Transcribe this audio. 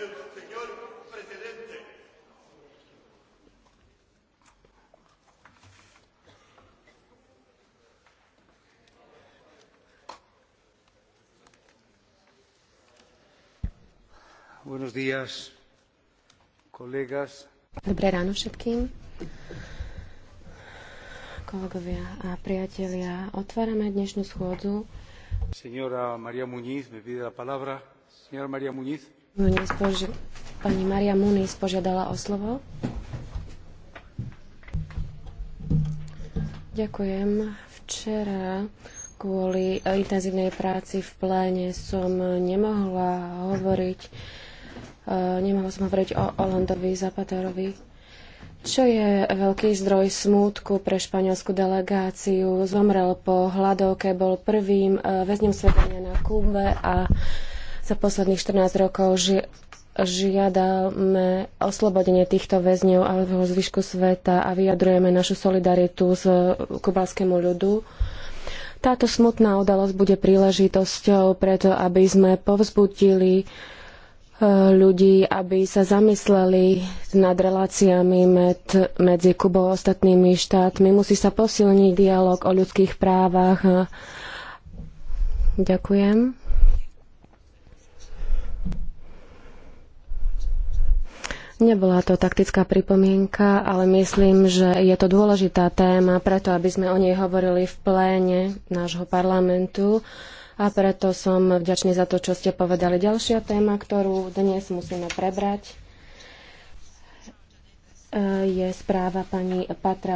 el señor presidente. Buenos días, colegas. Dobré ráno všetkým. Kolegovia a priatelia, otvárame dnešnú schôdzu. Señora María Muñiz, me pide la palabra. Señora María Muñiz. No, pani Maria Muniz požiadala o slovo. Ďakujem. Včera kvôli eh, intenzívnej práci v pléne som nemohla hovoriť eh, nemohla som hovoriť o Olandovi Zapaterovi, čo je veľký zdroj smútku pre španielskú delegáciu. Zomrel po hladovke, bol prvým eh, väzňom svedenia na Kube a za posledných 14 rokov ži- žiadame oslobodenie týchto väzňov a zvyšku sveta a vyjadrujeme našu solidaritu s kubalskému ľudu. Táto smutná udalosť bude príležitosťou preto, aby sme povzbudili e, ľudí, aby sa zamysleli nad reláciami med, medzi Kubou a ostatnými štátmi. Musí sa posilniť dialog o ľudských právach. Ďakujem. Nebola to taktická pripomienka, ale myslím, že je to dôležitá téma preto, aby sme o nej hovorili v pléne nášho parlamentu a preto som vďačný za to, čo ste povedali. Ďalšia téma, ktorú dnes musíme prebrať, e, je správa pani Patra.